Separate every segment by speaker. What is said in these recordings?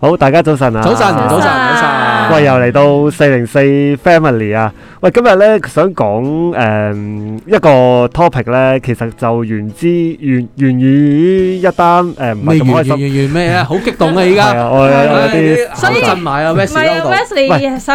Speaker 1: 好，大家早晨啊！早晨，早晨，早晨。喂，又嚟到四零四 Family 啊。喂，今日咧想講誒一個 topic 咧，其實就源之源源於一單誒唔係咁開心，源於咩咧？好激動啊！而家我有啲，
Speaker 2: 所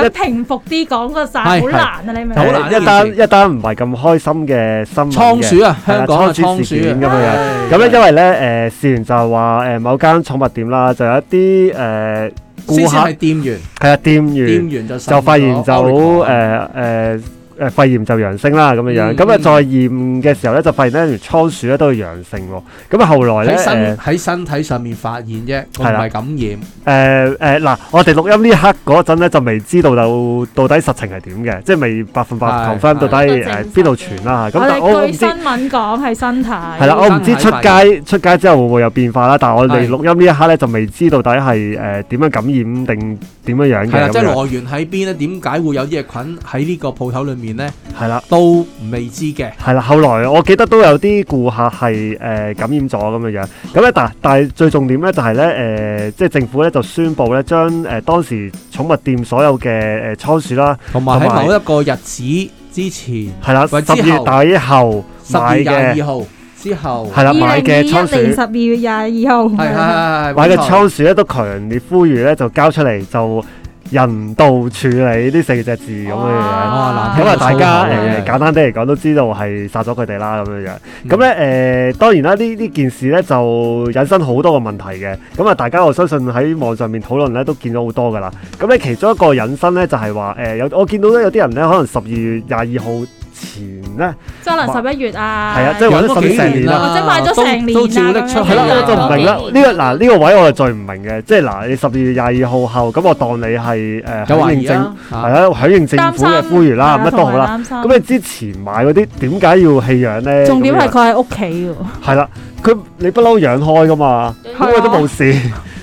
Speaker 2: 以平復啲講個晒，好難啊！你明唔明？好難一單
Speaker 1: 一單唔係咁開心嘅新聞嘅倉鼠啊，香港倉鼠事件咁樣。咁咧因為咧誒，事源就係話誒某間寵物店啦，就有一啲誒。顧客係店員，係啊，店員，店員就，就發現就好，現到，呃呃誒肺炎就陽性啦咁樣樣，咁啊再驗嘅時候咧，就發現呢，條倉鼠咧都係陽性喎。咁啊後來咧喺身體上面發現
Speaker 3: 啫，唔係感染。
Speaker 1: 誒誒嗱，我哋錄音呢一刻嗰陣咧，就未知道到底實情係點嘅，即係未百分百確翻到底誒邊度傳啦。咁我據新
Speaker 2: 聞講係身體。係啦，我唔知出街
Speaker 1: 出街之後會唔會有變化啦。但係我哋錄音呢一刻咧就未知到底係誒點樣感染定點樣樣嘅。係即係來
Speaker 3: 源喺邊咧？點解會有啲菌喺呢個鋪頭裏面？面咧，係啦，都未知
Speaker 1: 嘅。係啦，後來我記得都有啲顧客係誒、呃、感染咗咁嘅樣。咁咧，但係但係最重點咧就係、是、咧，誒、呃，即係政府咧就宣布咧，將、呃、誒當時寵物店所有嘅誒倉鼠啦，同埋喺某一
Speaker 3: 個日子之前，
Speaker 1: 係啦了，十二月底後，十二月廿二號
Speaker 3: 之後，
Speaker 1: 係啦了，買嘅倉鼠，
Speaker 2: 十二月廿二號，係係係，
Speaker 1: 買嘅倉鼠咧都強烈呼籲咧就交出嚟就。人道處理呢四隻字咁樣、哦、樣，咁啊大家誒、呃、簡單啲嚟講都知道係殺咗佢哋啦咁樣樣。咁咧誒當然啦，呢呢件事咧就引申好多個問題嘅。咁啊大家我相信喺網上面討論咧都見到好多㗎啦。咁咧其中一個引申咧就係話誒有我見到咧有啲人咧可能十二月廿二號。前咧，可能十一月啊，係啊，即係穩咗成年啦，即係買咗成年都照拎出去啦，我就唔明啦。呢個嗱呢個位我係最唔明嘅，即係嗱，你十二月廿二號後，咁我當你係誒響應政係啦，響應政府嘅呼籲啦，咁都好啦。咁你之前買嗰啲，點解要棄養咧？重點
Speaker 2: 係佢喺屋
Speaker 1: 企。係啦，佢你不嬲養開噶嘛，因為都冇事。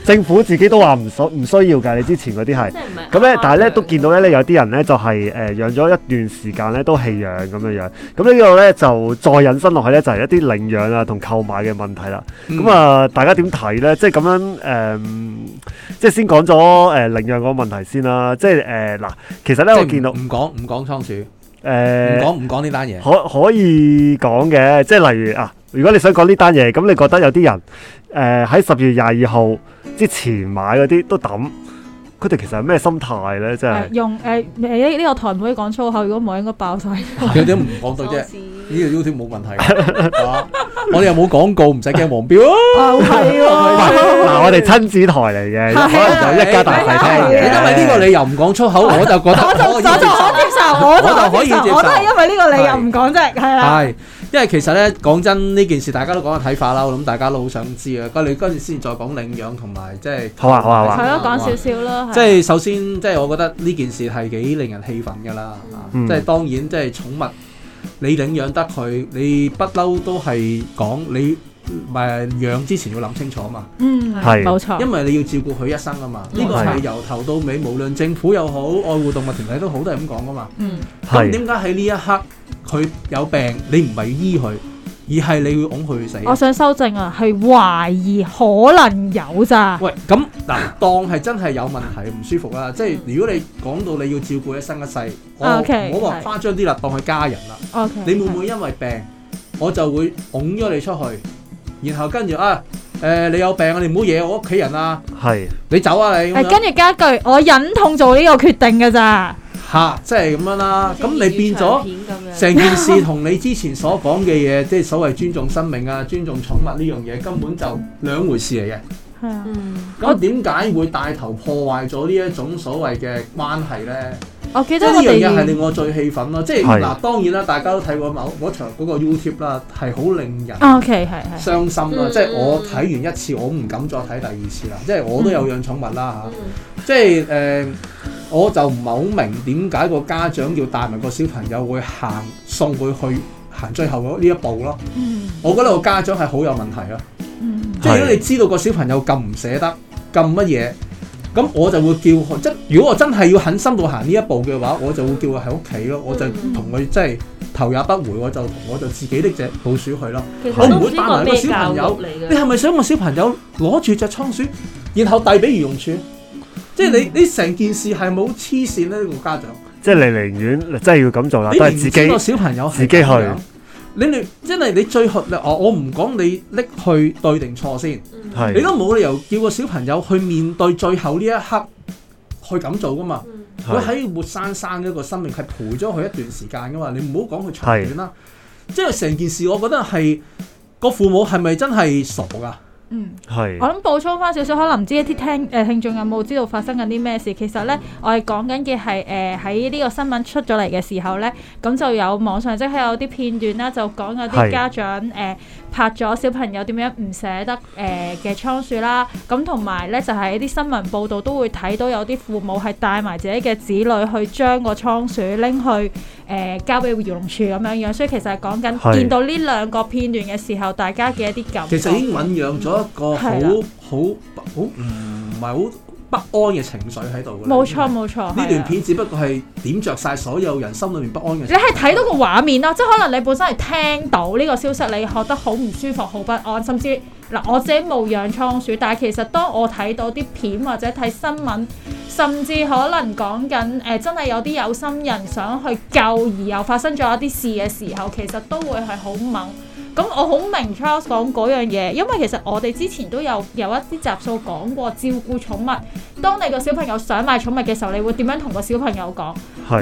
Speaker 1: 政府自己都話唔所唔需要㗎，你之前嗰啲係咁咧，是是呢但係呢咧都見到咧，有啲人咧就係、是、誒、呃、養咗一段時間咧都棄養咁樣樣。咁呢個咧就再引申落去咧就係、是、一啲領養啊同購買嘅問題啦。咁、嗯、啊，大家點睇咧？即係咁樣誒、呃，即係先講咗誒領養個問題先啦。即係誒嗱，其實咧我見到唔講唔講倉鼠誒，講唔講呢單嘢可可以講嘅，即係例如啊。如果你想講呢單嘢，咁你覺得有啲人誒喺十月廿二號之前買嗰啲都抌，佢哋其實係咩心態咧？即係
Speaker 2: 用誒誒呢個台唔可以講粗口，如果唔係應該爆曬。
Speaker 1: 有啲唔講到啫，呢個 YouTube
Speaker 3: 冇問題。我哋又冇廣告，唔使驚黃標。啊，好睇喎！嗱，我哋親子台嚟嘅，可能就一家大細聽。因為呢個理由唔講粗口，我就覺得。我就我
Speaker 2: 就可接受，我就可以，我都係因為呢個理由唔講啫，係啦。
Speaker 3: 係。因為其實咧，講真呢件事，大家都講嘅睇法啦。我諗大家都好想知啊。你跟住先再講領養同埋，即係好啊，好啊，好啊，講少少啦。即係首先，即係我覺得呢件事係幾令人氣憤噶啦。即係當然，即係寵物你領養得佢，你不嬲都係講你咪養之前要諗清楚嘛。嗯，
Speaker 2: 係冇錯，
Speaker 3: 因為你要照顧佢一生啊嘛。呢個係由頭到尾，無論政府又好，愛護動物團體都好，都係咁講噶嘛。嗯，係。但點解喺呢一刻？佢有病，你唔係要醫佢，而係你會㧬佢去死。我
Speaker 2: 想修正啊，係懷疑可能有咋。
Speaker 3: 喂，咁嗱，當係真係有問題唔舒服啦，即係如果你講到你要照顧一生一世，我唔好話誇張啲啦，當佢家人啦，你會唔會因為病，我就會㧬咗你出去，然後跟住啊，誒，你有病啊，你唔好惹我屋企人啊，係，你走啊你。誒，跟
Speaker 2: 住加一句，我忍痛做呢個決定㗎咋。
Speaker 3: 吓、啊，即係咁樣啦。咁你變咗成件事同你之前所講嘅嘢， 即係所謂尊重生命啊、尊重寵物呢樣嘢，根本就兩回事嚟嘅。係啊、嗯，咁點解會帶頭破壞咗呢一種所謂嘅關係咧？
Speaker 2: 我記得呢樣嘢係令我
Speaker 3: 最氣憤咯、啊。即係嗱是，當然啦，大家都睇過某嗰場嗰個 YouTube 啦，係好令人 OK 係傷心咯、啊。啊 okay，嗯、即係我睇完一次，我唔敢再睇第二次啦。即係我都有養寵物啦吓、啊，即係誒。呃我就唔係好明點解個家長要帶埋個小朋友會行送佢去行最後呢一步咯。嗯、我覺得個家長係好有問題咯。即係如果你知道個小朋友咁唔捨得咁乜嘢，咁我就會叫佢。即如果我真係要狠心到行呢一步嘅話，我就會叫佢喺屋企咯。我就同佢即係頭也不回，我就同我就自己拎隻老鼠去咯。其實 我唔會帶埋個小朋友。你係咪想個小朋友攞住隻倉鼠，然後遞俾漁護署？即係你，你成件事係冇黐綫咧，呢個家長。
Speaker 1: 即係你寧願，真係要咁做啦，都係自己個小朋友，自己去。
Speaker 3: 你你，即係你最後，哦，我唔講你搦去對定錯先，是你都冇理由叫個小朋友去面對最後呢一刻去咁做噶嘛。佢喺是活生生嘅一個生命，係陪咗佢一段時間噶嘛。你唔好講佢長遠啦。是即係成件事，我覺得係個父母係咪真係傻噶？
Speaker 1: 嗯，係是。我諗
Speaker 3: 補
Speaker 2: 充翻少少，可能唔知一啲聽誒、呃、聽眾有冇知道發生緊啲咩事？其實咧，我哋講緊嘅係誒喺呢個新聞出咗嚟嘅時候咧，咁就有網上即係、就是、有啲片段啦，就講有啲家長誒。是呃拍咗小朋友點樣唔捨得誒嘅倉鼠啦，咁同埋呢，就係、是、一啲新聞報道都會睇到有啲父母係帶埋自己嘅子女去將個倉鼠拎去誒、呃、交俾漁農署咁樣樣，所以其實係講緊見到呢兩個片段嘅時候，大家嘅一啲感覺其實已經醞
Speaker 3: 釀咗一個好好好唔係好。好好嗯不安嘅情緒喺度嘅，冇錯
Speaker 2: 冇錯。呢段片
Speaker 3: 只不過係點着晒所有人心裏面不安嘅。你係
Speaker 2: 睇到個畫面咯、啊， 即係可能你本身係聽到呢個消息，你覺得好唔舒服、好不安，甚至嗱、呃、我自己冇養倉鼠，但係其實當我睇到啲片或者睇新聞，甚至可能講緊誒真係有啲有心人想去救，而又發生咗一啲事嘅時候，其實都會係好猛。咁我好明 Charles 講嗰樣嘢，因為其實我哋之前都有有一啲集數講過照顧寵物。當你個小朋友想買寵物嘅時候，你會點樣同個小朋友講？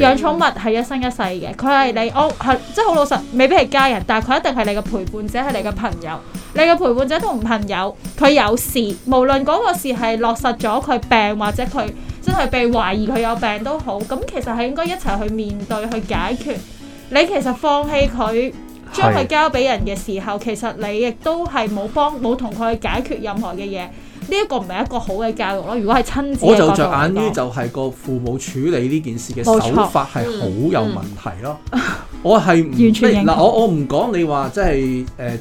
Speaker 2: 養寵物係一生一世嘅，佢係你，屋，即係真係好老實，未必係家人，但係佢一定係你嘅陪伴者，係你嘅朋友。你嘅陪伴者同朋友，佢有事，無論嗰個事係落實咗佢病，或者佢真係被懷疑佢有病都好，咁其實係應該一齊去面對去解決。你其實放棄佢。將佢交俾人嘅時候，其實你亦都係冇幫冇同佢解決任何嘅嘢。呢、這、一個唔係一個好嘅教育咯。如果係親子，我就着眼於
Speaker 3: 就係個父母處理呢件事嘅手法係好有問題咯。我係、嗯嗯、完全認同嗱，我我唔講你話即係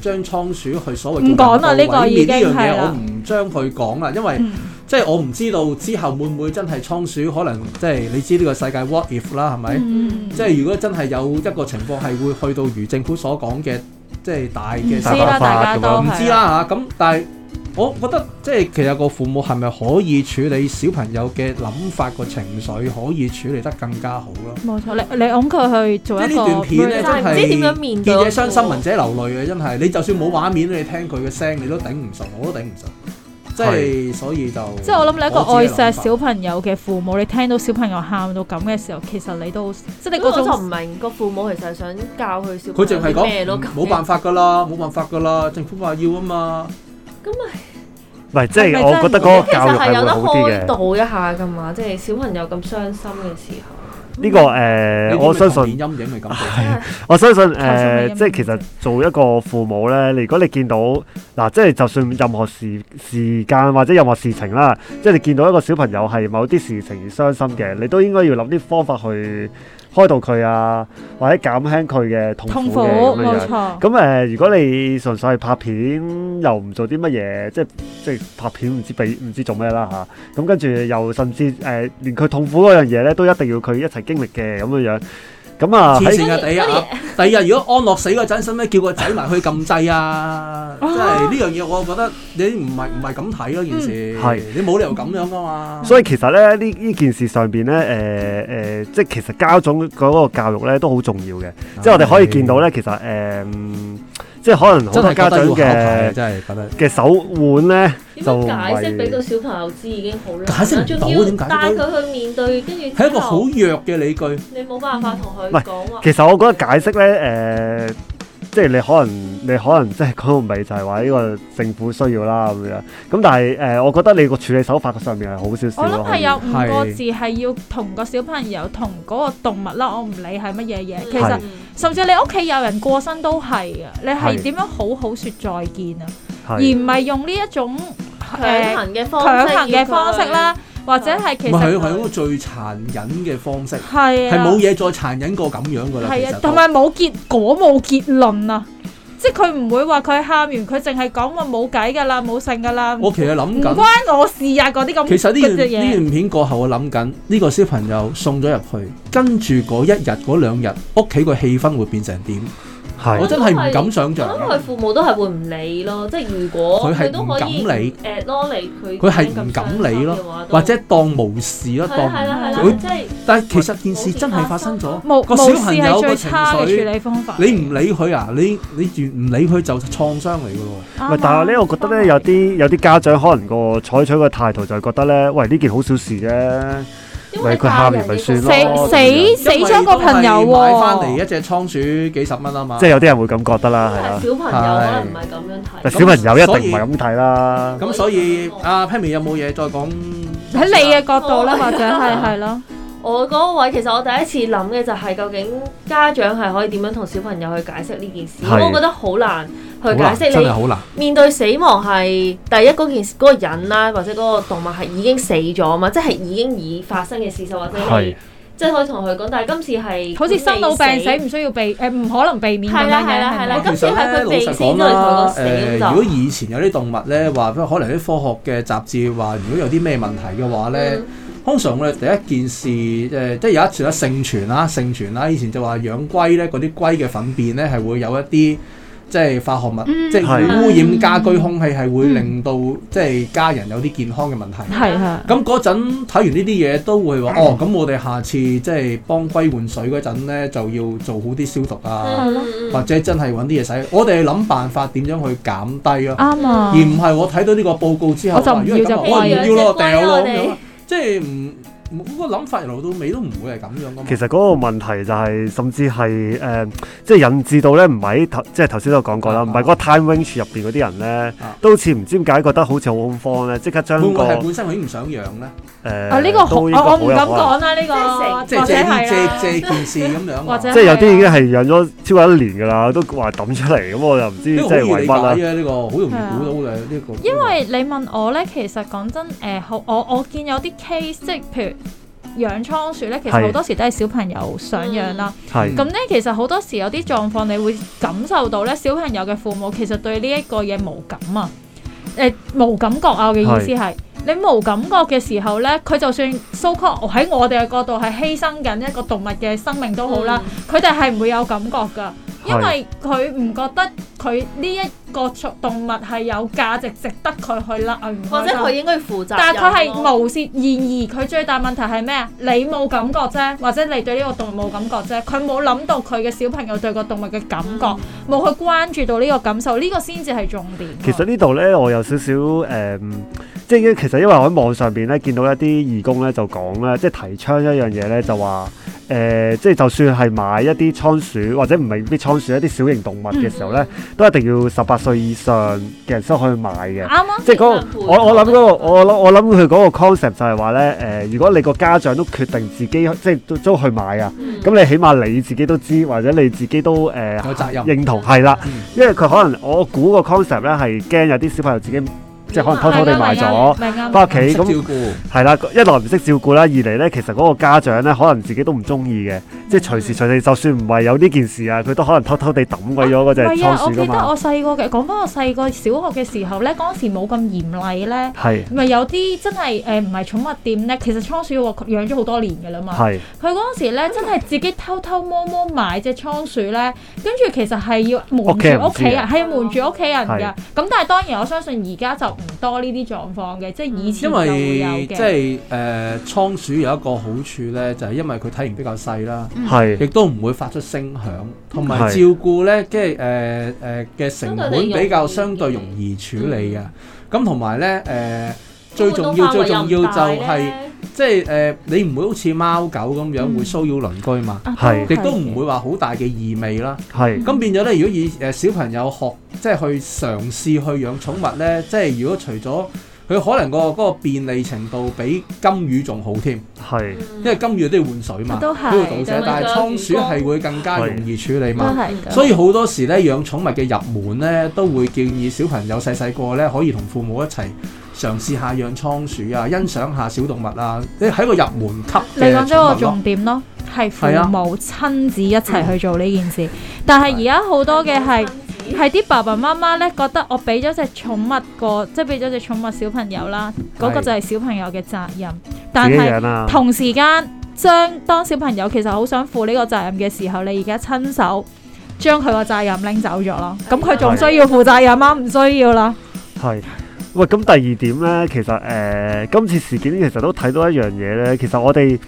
Speaker 3: 誒，將、呃、倉鼠去所謂叫一置個呢滅呢樣嘢，我唔將佢講啦，嗯、因為。即係我唔知道之後會唔會真係倉鼠，可能即係你知呢個世界 what if 啦，係咪、嗯？即係如果真係有一個情況係會去到如政府所講嘅，即係大嘅大爆發嘅話，唔知啦嚇、啊。咁但係我覺得即係其實個父母係咪可以處理小朋友嘅諗法個情緒，可以處理得更加好咯？
Speaker 2: 冇錯，你你佢去做一段片，個對，真係見
Speaker 3: 者傷心，聞對 者流淚嘅，真係你就算冇畫面，對 你聽佢嘅聲，你都頂唔順，我都頂唔順，即係，所以就即係 我諗你一個愛錫小
Speaker 2: 朋友嘅父母， 你聽到小朋友喊到咁嘅時
Speaker 4: 候，其實你都即係嗰種。就唔明個父母，其實想教佢少。佢淨係講咩都冇辦
Speaker 3: 法㗎啦，冇 辦法㗎啦。政府話要啊嘛。咁咪
Speaker 1: 唔係，即係我覺得嗰個教育係會好啲嘅。其實係有得開導
Speaker 4: 一下㗎嘛，即係小朋友咁傷心嘅時候。
Speaker 3: 呢、這個誒，呃、我相信、啊
Speaker 1: 啊、 我相信誒，呃、 即係其實做一個父母呢，你如果你見到嗱，即、啊、係、就是、就算任何時時間或者任何事情啦，即係你見到一個小朋友係某啲事情而傷心嘅，嗯、你都應該要諗啲方法去，開導佢啊，或者減輕佢嘅痛苦，冇錯咁誒。如果你純粹係拍片，又唔做啲乜嘢，即係即係拍片，唔知俾唔知做咩啦吓。咁、啊嗯、跟住又甚至誒、呃，連佢痛苦嗰樣嘢咧，都一定要佢一齊經歷嘅咁樣樣。咁啊！黐線啊！第
Speaker 3: 一日，第二日 如果安樂死
Speaker 1: 嗰陣，使唔使叫
Speaker 3: 個仔埋去撳掣啊？ 即係呢樣嘢，啊、我覺得你唔係唔係咁睇咯，件事。
Speaker 1: 係，你冇、嗯、是理由咁樣噶嘛。所以其實咧，呢呢件事上邊咧，誒、呃、誒、呃，即係其實家長嗰個教育咧都好重要嘅。的即係我哋可以見到咧，其實誒。呃即係可能真係家長嘅，真係覺得嘅手腕咧，就解釋俾個小
Speaker 4: 朋友知已經好難，仲要帶佢去面對，跟住係一個好弱嘅理
Speaker 1: 據，你冇辦
Speaker 3: 法同佢講。
Speaker 1: 其實我覺得解釋咧，誒，即係你可能你可能即係講到尾就係話呢個政府需要啦咁樣。咁但係誒，我覺得你個處理手法嘅上面係好少少。我諗係有五個字
Speaker 2: 係要同個小朋友同嗰個動物啦，我唔理係乜嘢嘢，其實。甚至你屋企有人過身都係啊！你係點樣好好説再見啊？的而唔係用呢一種的、呃、強行嘅方式，強行嘅方式啦，他或者係其實佢係嗰個
Speaker 3: 最殘忍嘅方式，係係冇嘢再殘忍過咁樣噶啦，的其實同
Speaker 2: 埋冇結果冇結論啊！即係佢唔會話佢喊完，佢淨係講話冇計㗎啦，冇剩㗎啦。我其實諗緊，唔關我事呀、啊。嗰啲咁。其實呢呢段，呢段
Speaker 3: 片過後，我諗緊呢個小朋友送咗入去，跟住嗰一日、嗰兩日，屋企個氣氛會變成點？我真係唔敢想像。咁佢
Speaker 4: 父母都係會唔理咯，即係如果佢都可理，誒，咯嚟佢。
Speaker 3: 佢係唔敢理咯，理理或者當無事咯，的當。係啦係啦。即係。但係其實件事真係發生咗。無，個小朋友個情緒，無事係最差嘅處理方法你理。你唔理佢啊？你你
Speaker 1: 越唔理佢就會創傷嚟㗎喎。唔 但係呢，我覺得咧，有啲有啲家長可能個採取個態度就係覺得咧，喂，呢件好小事啫。佢喊咪算咯，死
Speaker 3: 死死咗個朋友喎，翻嚟一隻倉鼠幾十蚊啊嘛，
Speaker 1: 即係有啲人會咁覺得啦，係啊，小朋友可能唔係咁樣睇，小朋友一定唔係咁睇啦。咁所
Speaker 3: 以阿 Pammy 有冇嘢再講？
Speaker 2: 喺你嘅角度咧，或者係係
Speaker 4: 咯，我嗰個位其實我第一次諗嘅就係究竟家長係可以點樣同小朋友去解釋呢件事，我覺得好難。去解釋你真係好難，面對死亡係第一件事，嗰個人啦，或者嗰個動物係已經死咗嘛？即係已經已發生嘅事實或者係，的即係可以同佢講。但係今次係好似生老病死唔需要避，誒、呃、唔可能避免㗎。係啦係啦係啦。今次係佢避死，如果
Speaker 3: 以前有啲動物咧話，可能啲科學嘅雜誌話，如果有啲咩問題嘅話咧，嗯、通常我哋第一件事誒、呃，即係有一次咧，盛傳啦，盛傳啦。以前就話養龜咧，嗰啲龜嘅糞便咧係會有一啲。即係化學物，即係污染家居空氣，係會令到即係家人有啲健康嘅問題。係咁嗰陣睇完呢啲嘢，都會話哦，咁我哋下次即係幫龜換水嗰陣呢，就要做好啲消毒啊，或者真係揾啲嘢洗。我哋諗辦法點樣去減低啊？啱而唔係我睇到呢個報告之後，就話我唔要就掉囉，即係唔。嗰個諗法留到尾都唔會係咁樣
Speaker 1: 噶嘛？其實嗰個問題就係，甚至係誒，即係引致到咧，唔係頭，即係頭先都講過啦，唔係嗰個 time range 入邊嗰啲人咧，都好似唔知點解覺得好似好恐慌咧，即刻將會唔會係本身佢唔想養咧？誒呢個我我唔敢講啦，呢個即係借借件事咁樣，即係有啲已經係養咗超過一年噶啦，都話抌出嚟咁，我又唔知即係為乜啦？呢個好容易估到嘅呢個，
Speaker 2: 因為你問我咧，其實講真誒，我我見有啲 case 即譬如。養倉鼠咧，其實好多時都係小朋友想養啦。咁咧、嗯，其實好多時有啲狀況，你會感受到咧，小朋友嘅父母其實對呢一個嘢無感啊，誒、呃、無感覺啊，我嘅意思係，是你無感覺嘅時候咧，佢就算 so-called 喺我哋嘅角度係犧牲緊一個動物嘅生命都好啦，佢哋係唔會有感覺噶，因為佢唔覺得佢呢一。個動物係有價值，值得佢去甩，或者佢應該負責。但係佢係無視，然而佢最大問題係咩？你冇感覺啫，或者你對呢個動物冇感覺啫。佢冇諗到佢嘅小朋友對個動物嘅感覺，冇去、嗯、關注到呢個感受，呢、呢個先至係重點。其
Speaker 1: 實呢度呢，我有少少誒，即係其實因為我喺網上邊呢，見到一啲義工呢就講啦，即係提倡一樣嘢呢，就話。誒、呃，即係就算係買一啲倉鼠，或者唔係啲倉鼠一啲小型動物嘅時候咧，嗯、都一定要十八歲以上嘅人先可以買嘅。啱咯、嗯、嗰個，即係嗰個、嗯、我我諗嗰個我諗我諗佢嗰個 concept 就係話咧誒，如果你個家長都決定自己即係都都去買啊，咁、嗯、你起碼你自己都知，或者你自己都誒、呃、有責任認同係啦、嗯，因為佢可能我估個 concept 咧係驚有啲小朋友自己。即係可能偷偷哋賣咗，翻屋企咁係啦。一來唔識照顧啦，二嚟咧其實嗰個家長咧，可能自己都唔中意嘅。即係隨時隨地，就算唔係有呢件事啊，佢都可能偷偷地揼鬼咗嗰隻倉鼠㗎嘛。係啊，我記得我
Speaker 2: 細個嘅，講翻我細個小學嘅時候咧，嗰陣時冇咁嚴厲咧，係咪是有啲真係誒唔係寵物店咧？其實倉鼠我養咗好多年嘅啦嘛，係佢嗰陣時咧真係自己偷偷摸摸，摸買隻倉鼠咧，跟住其實係要瞞住屋企人，係、啊、要瞞住屋企人㗎。咁是是但係當然我相信而家就唔多呢啲狀況嘅，即係
Speaker 3: 以前、嗯、因為即係誒倉鼠有一個好處咧，就係、是、因為佢體型比較細啦。係，是亦都唔會發出聲響，同埋照顧咧，即係誒誒嘅成本比較相對容易處理嘅。咁同埋咧，誒、嗯呃、最重要最重要就係、是，即係誒你唔會好似貓狗咁樣、嗯、會騷擾鄰居嘛。係，亦都唔會話好大嘅異味啦。係。咁變咗咧，如果以誒小朋友學即係、就是、去嘗試去養寵物咧，即係如果除咗佢可能個嗰便利程度比金魚仲好添，係是，因為金魚都要換水嘛，啊、都要倒瀉，但係倉鼠係會更加容易處理嘛，所以好多時咧養寵物嘅入門咧都會建議小朋友細細個咧可以同父母一齊嘗試下養倉鼠啊，欣賞下小動物啊，誒喺個入門級你講咗個重
Speaker 2: 點咯，係父母親子一齊去做呢件事，啊、但係而家好多嘅係。係啲爸爸媽媽呢，覺得我俾咗隻寵物過，即係俾咗隻寵物小朋友啦，嗰、嗰個就係小朋友嘅責任。
Speaker 1: 但係同
Speaker 2: 時間將當小朋友其實好想負呢個責任嘅時候，你而家親手將佢個責任拎走咗咯。咁佢仲需要負責任嗎？唔需要啦。
Speaker 1: 係喂，咁第二點呢？其實誒、呃，今次事件其實都睇到一樣嘢呢。其實我哋。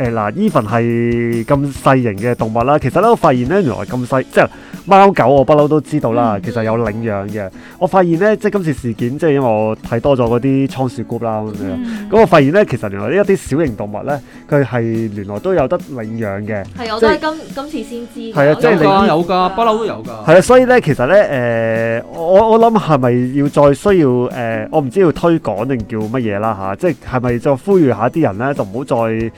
Speaker 1: 誒嗱，even 係咁細型嘅動物啦。其實咧，我發現咧，原來咁細即係貓狗，我不嬲都知道啦。其實有領養嘅。嗯、我發現咧，即係今次事件，即係因為我睇多咗嗰啲倉鼠 group 啦，咁樣咁，我發現咧，其實原來咧一啲小型動物咧，佢係原來都有得領養嘅。係、嗯，即我都今
Speaker 3: 今次先知。係啊對，即係有噶，不嬲都有㗎。
Speaker 1: 係啊，所以咧，其實咧，誒、呃，我我諗係咪要再需要誒、呃？我唔知要推廣定叫乜嘢啦吓，即係係咪就呼籲下啲人咧，就唔好再。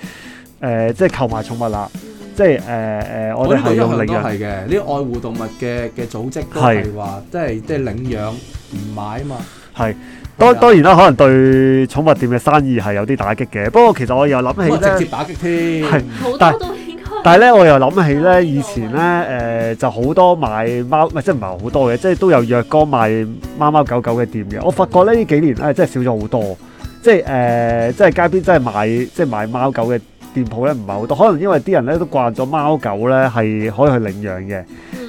Speaker 1: 誒、呃，即係購買寵物啦，即係誒誒，呃呃、果然 我哋係用領養嘅呢
Speaker 3: 啲愛護動物嘅嘅組織都係是話，即係即係領養唔買啊嘛。
Speaker 1: 係是，的當當然啦，可能對寵物店嘅生意係有啲打擊嘅。嗯、不過其實我又諗起直接打
Speaker 3: 擊添，係
Speaker 1: 是，但係但係咧，我又諗起咧以前咧誒、呃，就好多賣貓，即係唔係好多嘅，即係都有若干賣貓貓狗狗嘅店嘅。我發覺咧呢幾年咧真係少咗好多，即係誒、呃，即係街邊真係賣即係賣貓狗嘅。店鋪咧唔係好多，可能因為啲人咧都慣咗貓狗咧係可以去領養嘅，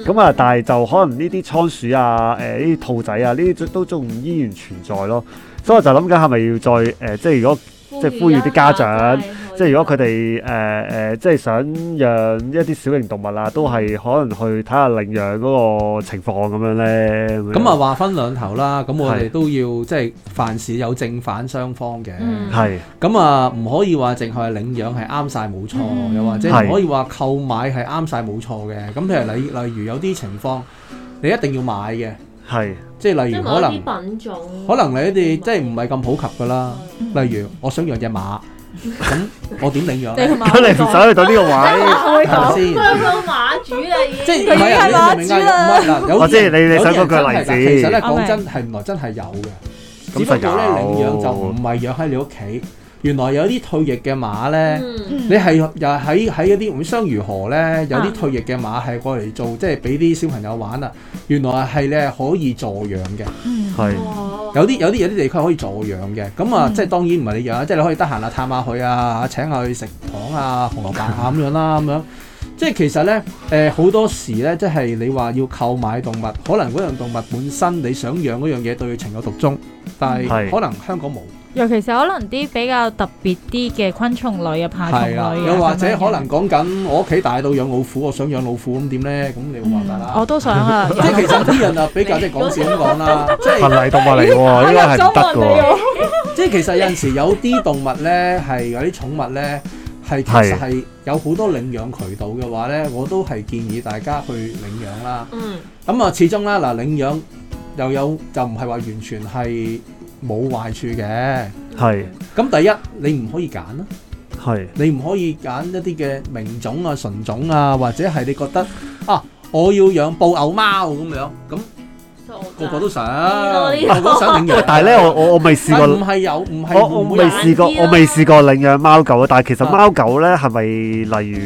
Speaker 1: 咁啊、嗯，但係就可能呢啲倉鼠啊、誒呢啲兔仔啊，呢啲都仲依然存在咯，所以我就諗緊係咪要再誒、呃，即係如果即係呼籲啲家長。即係如果佢哋誒誒，即係想養一啲小型動物啊，都係可能去睇下領養嗰個情況咁樣咧。咁啊話
Speaker 3: 分兩頭啦。咁我哋都要即係凡事有正反雙方嘅。係。咁啊，唔可以話淨係領養係啱晒冇錯，又或者唔可以話購買係啱晒冇錯嘅。咁譬如例例如有啲情況，你一定要買嘅。係。即係例如可能可能你啲即係唔係咁普及㗎啦。例如，我想養隻馬。咁、 嗯、我點領養？咁你唔想去到呢個位先， 即是
Speaker 1: 馬主啊，已唔係馬主啦。我即係你，
Speaker 3: 你想嗰個例子？其， 其實咧，講真係， 原來真係有嘅。只不過咧，領養就唔係養喺你屋企。原來有啲退役嘅馬咧，嗯、你係又喺喺一啲雙魚河咧，有啲退役嘅馬係過嚟做，即係俾啲小朋友玩啊！原來係你係可以助養嘅，係、嗯、有啲有啲有啲地區可以助養嘅。咁啊，即係當然唔係你養，嗯、即係你可以得閒啊探下佢啊，請佢去食糖啊紅蘿蔔啊咁樣啦，咁、嗯嗯、樣。即係其實咧，誒、呃、好多時咧，即係你話要購買動物，可能嗰樣動物本身你想養嗰樣嘢，對佢情有獨鍾，但係可能香港冇。嗯、尤
Speaker 2: 其是可能啲比較特別啲嘅昆蟲類嘅爬蟲類，啊，又或者可能
Speaker 3: 講緊我屋企大到養老虎，我想養老虎咁點咧？咁你會話得啦。我都想啊！ 即係其實啲人啊，比較即係講笑咁講啦，即係文禮動物嚟喎，應該係得。即係其實有陣時有啲動物咧，係有啲寵物咧。係，其實係有好多領養渠道嘅話呢，我都係建議大家去領養啦。嗯，咁啊，始終啦，嗱，領養又有就唔係話完全係冇壞處嘅。係，咁第一你唔可以揀啦。
Speaker 1: 係，
Speaker 3: 你唔可以揀一啲嘅名種啊、純種啊，或者係你覺得啊，我要養布偶貓咁樣咁。個個都想，個個都想領養。但係咧，我我我未試過，唔係有，唔係冇。我未
Speaker 1: 試過，我未試過領養貓狗啊！但係其實貓狗咧係咪例如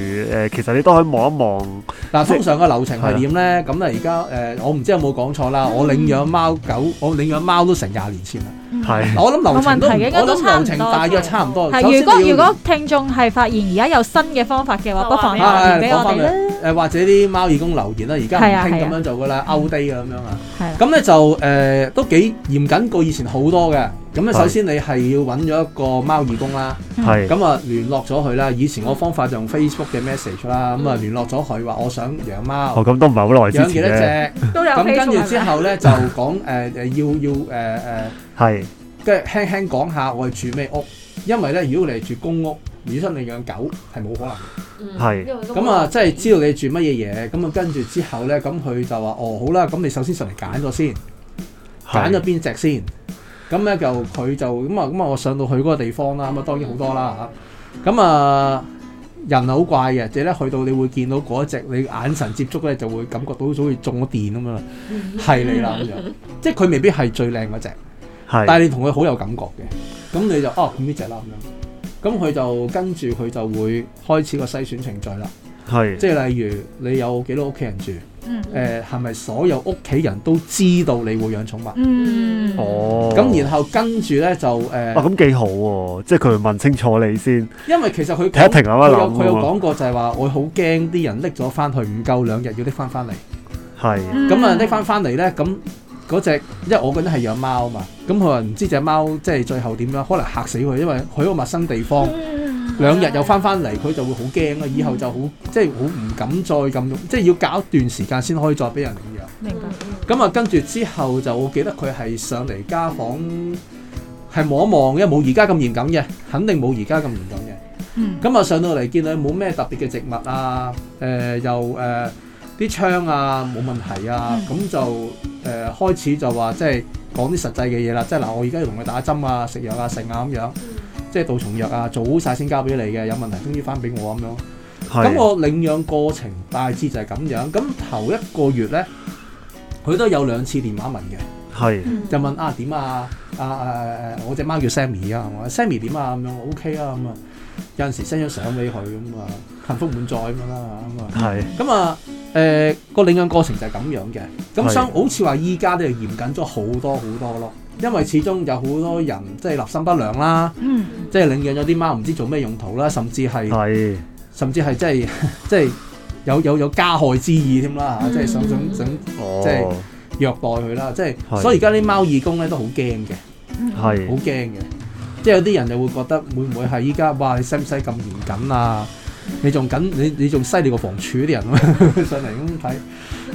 Speaker 1: 誒？其實你都可以望一望。
Speaker 3: 但，通常嘅流程係點咧？咁啊，而家誒，我唔知有冇講錯啦。我領養貓狗，我領養貓都成廿年前啦。係，我諗流程都，我諗流程大約差唔多。係，如果如果
Speaker 2: 聽眾係發現而家有新嘅方法嘅話，不妨俾我
Speaker 3: 或者啲貓義工留言啦，而家唔興咁樣做噶啦，out day 啊咁樣啊，咁咧就誒都幾嚴謹過以前好多嘅。咁咧首先你係要揾咗一個貓義工啦，咁啊聯絡咗佢啦。以前我方法就用 Facebook 嘅 message 啦，咁啊聯絡咗佢話我想養貓。哦，
Speaker 1: 咁都唔係好耐先嘅。養幾多隻都
Speaker 3: 有。咁跟住之後咧就講誒誒要要誒誒，係跟住輕輕講下我住咩屋，因為咧如果你住公屋。魚生你養狗係冇可能嘅，
Speaker 1: 係咁啊！即係
Speaker 3: 知道你住乜嘢嘢，咁啊跟住之後咧，咁佢就話哦好啦，咁、嗯、你首先上嚟揀咗先，揀咗邊隻先，咁咧就佢就咁啊咁啊！我上到去嗰個地方啦，咁啊當然好多啦吓，咁啊人好怪嘅，即係咧去到你會見到嗰隻，你眼神接觸咧就會感覺到好似中咗電咁樣，係你啦咁樣， 即係佢未必係最靚嗰隻，係是，但係你同佢好有感覺嘅，咁你就哦咁呢隻啦咁樣。啊啊啊咁佢就跟住佢就會開始個篩選程序啦。
Speaker 1: 係是，即係
Speaker 3: 例如你有幾多屋企人住？嗯，誒係咪所有屋企人都知道你會養
Speaker 1: 寵物？嗯，哦，咁然後
Speaker 3: 跟住咧就誒，哇咁幾
Speaker 1: 好喎、啊！即係佢問清楚你先，
Speaker 3: 因為其實佢停一停啊，佢有佢有講過就係話、啊、我好驚啲人拎咗翻去唔夠兩日要拎翻翻嚟。
Speaker 1: 係是，咁啊拎
Speaker 3: 翻翻嚟咧咁。嗯嗯嗯嗰隻，因為我嗰啲係養貓啊嘛，咁佢話唔知隻貓即係最後點樣，可能嚇死佢，因為佢喺個陌生地方， 兩日又返返嚟，佢就會好驚啊，以後就好即係好唔敢再咁，即、就、係、是、要搞一段時間先可以再俾人養。明白。咁啊，跟住、嗯、之後就我記得佢係上嚟家訪，係望、嗯、一望因為，冇而家咁嚴謹嘅，肯定冇而家咁嚴謹嘅、嗯嗯。嗯。咁啊，上到嚟見到冇咩特別嘅植物啊，誒、呃、又誒啲、呃、窗啊冇問題啊，咁就。誒、呃、開始就話即係講啲實際嘅嘢啦，即係嗱，我而家要同佢打針啊、食藥啊、剩啊咁樣，即係杜蟲藥啊，做晒先交俾你嘅，有問題終於翻俾我咁樣。咁的我領養過程大致就係咁樣。咁頭一個月咧，佢都有兩次電話問嘅，
Speaker 1: 的就
Speaker 3: 問啊點啊，啊誒誒、啊，我隻貓叫 Sammy 啊，Sammy 點啊咁樣，O K 啊咁啊。有陣時 send 咗相俾佢咁啊，幸福滿載咁是樣啦咁啊。係、呃。咁啊，誒個領養過程就係咁樣嘅。咁相好似話，依家都咧嚴緊嚴謹咗好多好多咯。因為始終有好多人即係立心不良啦，嗯、即係領養咗啲貓唔知做咩用途啦，甚至係，係是，甚至係即係即係有有有加害之意添啦嚇，即係想想想
Speaker 1: 即係
Speaker 3: 虐待佢啦，即係。所以而家啲貓義工咧都好驚嘅，
Speaker 1: 係、嗯，好
Speaker 3: 驚嘅。是即係有啲人就會覺得會唔會係依家哇，你使唔使咁嚴謹啊？你仲緊，你你仲犀利過房署啲人 上嚟咁睇，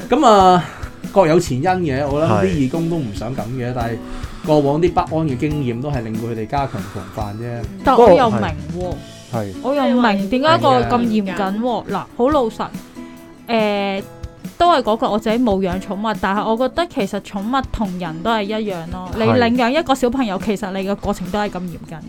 Speaker 3: 咁啊各有前因嘅。我諗啲義工都唔想咁嘅，但係過往啲不安嘅經驗都係令到佢哋加強防範啫。但我又明
Speaker 2: 喎、啊，我，我又唔明點解個咁嚴謹喎、啊？嗱的，好老實誒。呃都係嗰個，我自己冇養寵物，但係我覺得其實寵物同人都係一樣咯。你領養一個小朋友，其實你嘅過程都係咁嚴謹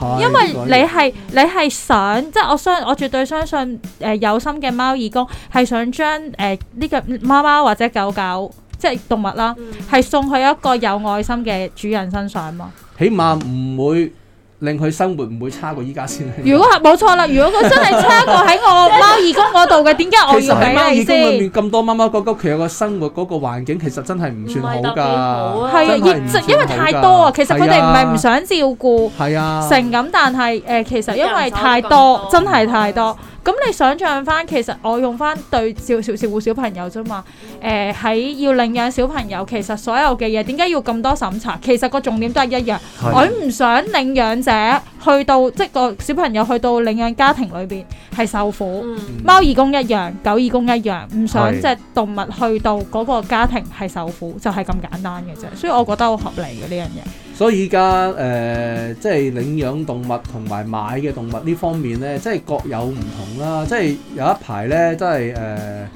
Speaker 2: 嘅，因為你係你係想，即係我相，我絕對相信誒有心嘅貓義工係想將誒呢個貓貓或者狗狗，即係動物啦，係送去一個有愛心嘅主人身上嘛。
Speaker 3: 起碼唔會。令佢生活唔會差過依家先。如
Speaker 2: 果冇錯啦，如果佢真係差過喺我貓義工嗰度嘅，點解 我要俾你先？貓義工裏面
Speaker 3: 咁多貓貓狗狗，佢嘅生活嗰個環境其實真係唔算好㗎。唔係特別好啊。係啊。因為太多啊。其實佢哋唔係唔想
Speaker 2: 照顧，係啊，成咁但係誒、呃，其實因為太多，多真係太多。咁你想象翻，其實我用翻對小少少護小朋友啫嘛，誒、呃、喺要領養小朋友，其實所有嘅嘢點解要咁多審查？其實個重點都係一樣，的我唔想領養者去到即個小朋友去到領養家庭裏邊係受苦，嗯、貓義工一樣，狗義工一樣，唔想隻動物去到嗰個家庭係受苦，就係、是、咁簡單嘅啫，所以我覺得好合理嘅呢樣嘢。
Speaker 3: 所以依家誒，即係領養動物同埋買嘅動物呢方面咧，即係各有唔同啦。即係有一排咧，真係誒，呃、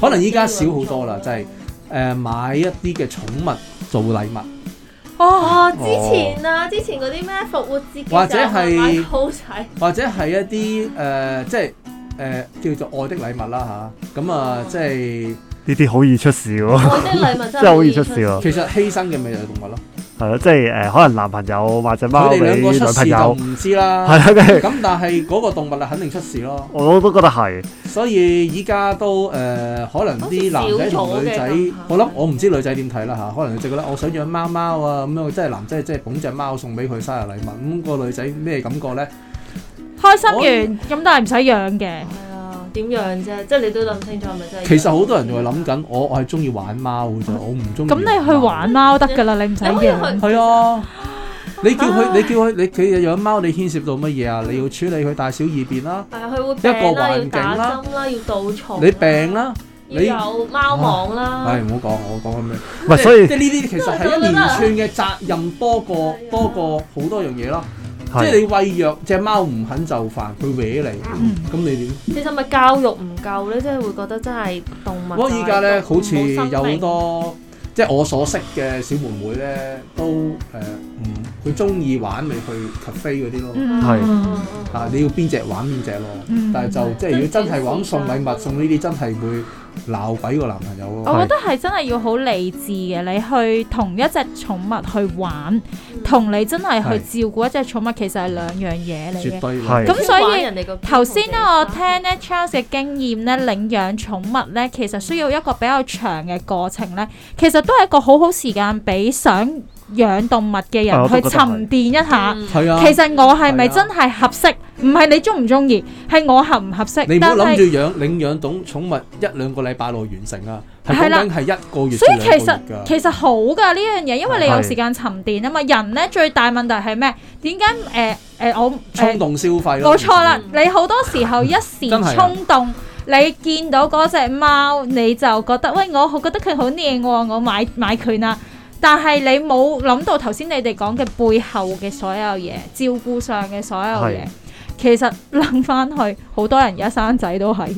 Speaker 4: 可能依家少
Speaker 3: 好多啦，就係誒買一啲嘅寵物做禮物。
Speaker 4: 啊、哦，之前啊，之前嗰啲咩復活節或者兔仔，
Speaker 3: 慢慢或者係一啲誒、呃，即係誒、呃、叫做愛的禮物啦吓，咁啊，啊，即
Speaker 1: 係呢啲好易出事喎，愛的禮物，即係好易出事喎。 其實
Speaker 3: 犧牲嘅咪有係動物咯。
Speaker 1: 係咯、呃，即係誒、呃，可能男朋友或者貓，佢哋兩個出事就唔
Speaker 3: 知啦。係啦，咁但係嗰個動物啊，肯定出事咯。
Speaker 1: 我都覺得係。
Speaker 3: 所以依家都誒、呃，可能啲男仔同女仔，我諗我唔知女仔點睇啦吓。可能女仔覺得我想養貓貓啊，咁樣即係男仔即係捧隻貓送俾佢生日禮物，咁、嗰個女仔咩感覺咧？
Speaker 2: 開心完，咁但係唔使養嘅。點
Speaker 4: 樣啫？即係你都諗清楚咪
Speaker 2: 真？其
Speaker 3: 實好多人就係諗緊，我我係中意玩貓嘅啫，我唔中意。咁你
Speaker 2: 去玩貓得㗎啦，你唔使嘅。係
Speaker 3: 啊，你叫佢，你叫佢，你佢養貓，你牽涉到乜嘢啊？你要處理佢大小二便啦，一個環境啦，
Speaker 4: 要杜蟲，你
Speaker 3: 病啦，你有貓網啦。係唔好講，我講緊咩？唔係所以，即係呢啲其實係一連串嘅責任，多過多過好多樣嘢啦。即係你餵藥隻貓唔肯就範，佢搲你，咁、嗯、你點？
Speaker 4: 其實咪教育唔夠咧，即係會覺得真係動物。不過我而家咧
Speaker 3: 好似有好多，即係我所識嘅小妹妹咧，都誒唔。呃嗯佢中意玩咪去 cafe 嗰啲咯，係、嗯、啊！你要邊隻玩邊隻咯，嗯、但係就即係要真係玩送禮物、嗯、送呢啲真係會鬧鬼個男朋友咯。我覺得
Speaker 2: 係真係要好理智嘅，你去同一隻寵物去玩，同你真係去照顧一隻寵物是其實係兩樣嘢嚟嘅。絕對啦。咁所以頭先咧，我聽咧 Charles 嘅經驗咧，領養寵物咧，其實需要一個比較長嘅過程咧，其實都係一個好好時間俾想。養動物嘅人、啊、去沉澱一下，嗯、其實我係咪真係合適？唔係、啊、你鍾唔鍾意，係我是是合唔合適？你唔好諗住
Speaker 3: 養領養動寵物一兩個禮拜內完成啊，係平均係一個月、啊、兩個月噶其實
Speaker 2: 好噶呢樣嘢，因為你有時間沉澱啊嘛。人呢，最大問題係咩？點解誒誒我衝、呃、
Speaker 3: 動消費咯？冇錯啦，
Speaker 2: 你好多時候一時衝動，啊、你見到嗰隻貓，你就覺得喂我，覺得佢好靚，我買買佢啦。但係你冇諗到頭先你哋講嘅背後嘅所有嘢，照顧上嘅所有嘢，的其實諗翻去，好多人而家生仔都係。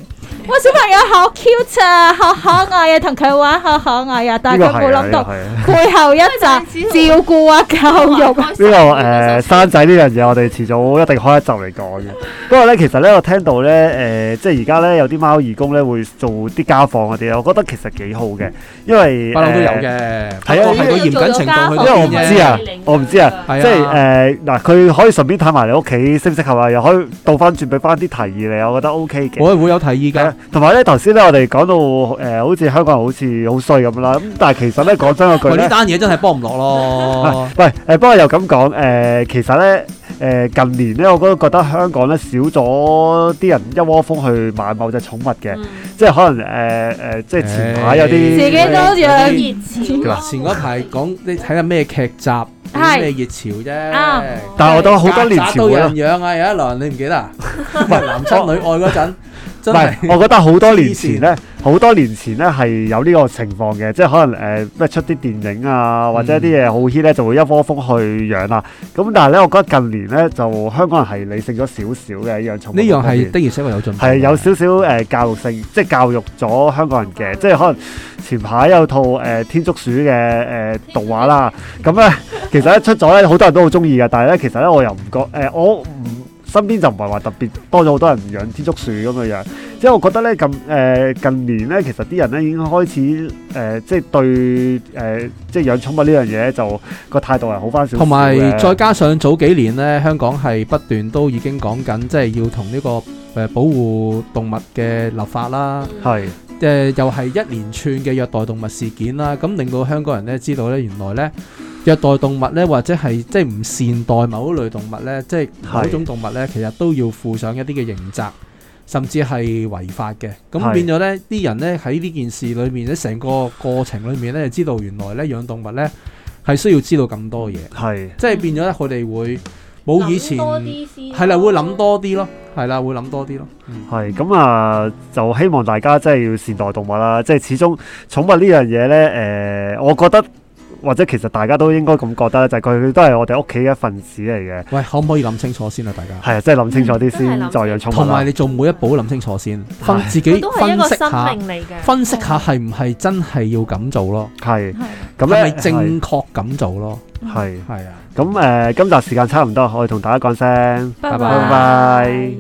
Speaker 2: 哇！小朋友好 cute 啊，好可愛啊，同佢玩好可愛啊，但係佢冇諗到背後一集照顧啊，教
Speaker 1: 育呢個誒生仔呢樣嘢，我哋遲早一定開一集嚟講嘅。不過咧，其實咧，我聽到咧誒，即係而家咧有啲貓義工咧會做啲家訪嗰啲咧，我覺得其實幾好嘅，因為都有嘅，係啊，係個嚴謹程度，因為我唔知啊，我唔知啊，即係誒嗱，佢可以順便睇埋你屋企識唔識係嘛？又可以倒翻轉俾翻啲提議你。我覺得 OK 嘅，我係會有提議同埋咧，頭先咧，我哋講到誒、呃，好似香港人好似好衰咁啦。咁但係其實咧，講真嗰句呢，呢單嘢
Speaker 3: 真係幫唔落咯。
Speaker 1: 喂、呃，誒，不過又咁講，誒，其實咧，誒、呃，近年咧，我都覺得香港咧少咗啲人一窩蜂去買某隻寵物嘅，、嗯呃，即係可能誒誒，即係前排有啲
Speaker 2: 自己都養
Speaker 3: 熱 前排講子， 你睇緊咩劇集，咩熱潮啫。啊、但係我都好多年前嘅，蟑螂都有人養啊， 有一輪你唔記得？唔係 男親女愛嗰陣。 唔係，我覺得好多年前
Speaker 1: 咧，好前多年前咧係有呢個情況嘅，即係可能誒咩、呃、出啲電影啊，或者啲嘢好 hit 咧，就會一窩蜂去養啦。咁但係咧，我覺得近年咧就香港人係理性咗少少嘅一養寵物。呢樣係的而且確為有進步，係有少少誒、呃、教育性，即係教育咗香港人嘅。嗯、即係可能前排有套誒、呃、天竺鼠嘅誒、呃、動畫啦，咁咧其實一 出咗咧，好多人都好中意嘅。但係咧，其實咧我又唔覺誒、呃，我唔。身邊就唔係話特別多咗好多人養天竺鼠咁嘅樣，即係我覺得呢近誒、呃、近年呢，其實啲人呢已經開始誒、呃，即係對誒、呃，即係養寵物呢樣嘢就個態度係好返少少嘅。同埋再
Speaker 3: 加上早幾年呢，香港係不斷都已經講緊，即係要同呢個誒保護動物嘅立法啦，係即是、呃、又係一連串嘅虐待動物事件啦，咁令到香港人呢知道呢，原來呢。虐待動物咧，或者係即係唔善待某類動物咧，是即係某種動物咧，其實都要負上一啲嘅刑責，甚至係違法嘅。咁變咗咧，啲是人咧喺呢件事裏面，喺成個過程裏面咧，知道原來咧養動物咧係需要知道咁多嘢，是即係變咗佢哋會冇以前係啦，會諗多啲咯，係啦，會諗多啲咯。
Speaker 1: 係、嗯、咁啊，就希望大家真係要善待動物啦。即係始終寵物呢樣嘢咧，誒、呃，我覺得。或者其實大家都應該咁覺得就係佢都係我哋屋企一份子嚟嘅。喂，可唔可
Speaker 3: 以諗清楚先啊？大家
Speaker 1: 係啊，即係諗清楚啲先再養寵物。同埋你做每一步都諗清楚先，
Speaker 3: 分自己分析下，分析下係唔係真係要咁做咯？係係咁，係咪正
Speaker 1: 確咁做咯？係係啊。咁誒，今集時間差唔多，可以同大家講聲，拜拜。